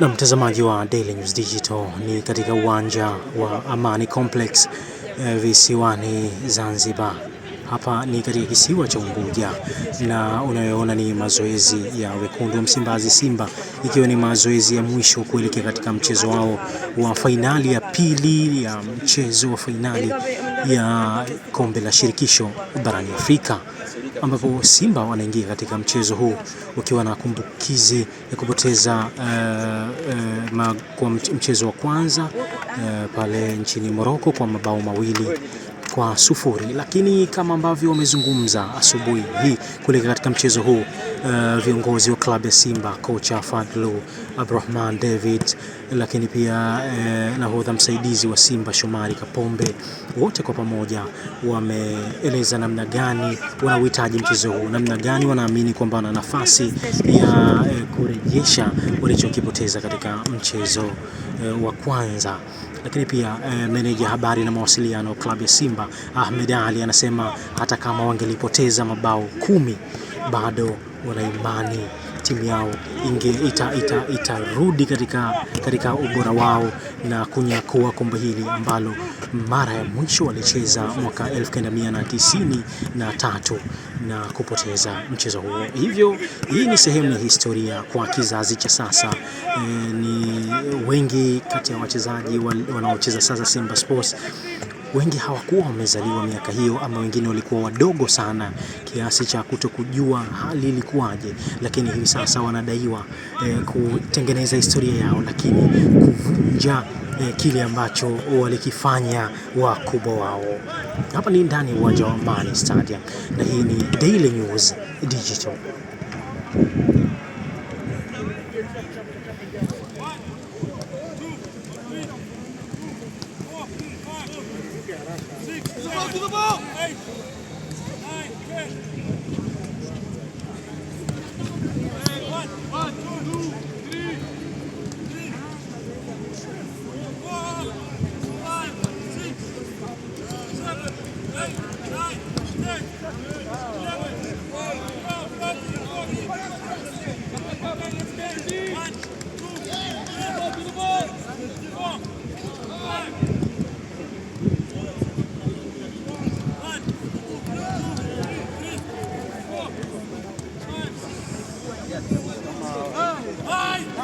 Na mtazamaji wa Daily News Digital ni katika uwanja wa Amani Complex eh, visiwani Zanzibar. Hapa ni katika kisiwa cha Unguja na unayoona ni mazoezi ya wekundu wa Msimbazi Simba, ikiwa ni mazoezi ya mwisho kuelekea katika mchezo wao wa fainali ya pili ya mchezo wa fainali ya kombe la shirikisho barani Afrika ambapo Simba wanaingia katika mchezo huu wakiwa na kumbukizi ya kupoteza uh, uh, kwa mchezo wa kwanza uh, pale nchini Morocco kwa mabao mawili kwa sufuri, lakini kama ambavyo wamezungumza asubuhi hii kuleka katika mchezo huu uh, viongozi wa klabu ya Simba kocha Fadlu Abdurahman David lakini pia eh, nahodha msaidizi wa Simba Shomari Kapombe, wote kwa pamoja wameeleza namna gani wanauhitaji mchezo huu, namna gani wanaamini kwamba wana nafasi ya eh, kurejesha walichokipoteza katika mchezo eh, wa kwanza lakini pia e, meneja habari na mawasiliano klabu ya Simba Ahmed Ali anasema hata kama wangelipoteza mabao kumi bado wana imani timu yao itarudi ita, ita katika, katika ubora wao na kunyakua kombe hili ambalo mara ya mwisho walicheza mwaka 1993 na, na kupoteza mchezo huo. Hivyo hii ni sehemu ya historia kwa kizazi cha sasa. E, ni wengi kati ya wachezaji wanaocheza sasa Simba Sports wengi hawakuwa wamezaliwa miaka hiyo, ama wengine walikuwa wadogo sana kiasi cha kutokujua hali ilikuwaje, lakini hivi sasa wanadaiwa eh, kutengeneza historia yao, lakini kuvunja eh, kile ambacho walikifanya wakubwa wao. Hapa ni ndani ya uwanja wa Mbani Stadium, na hii ni Daily News Digital. Go to the ball! Eight, nine, ten.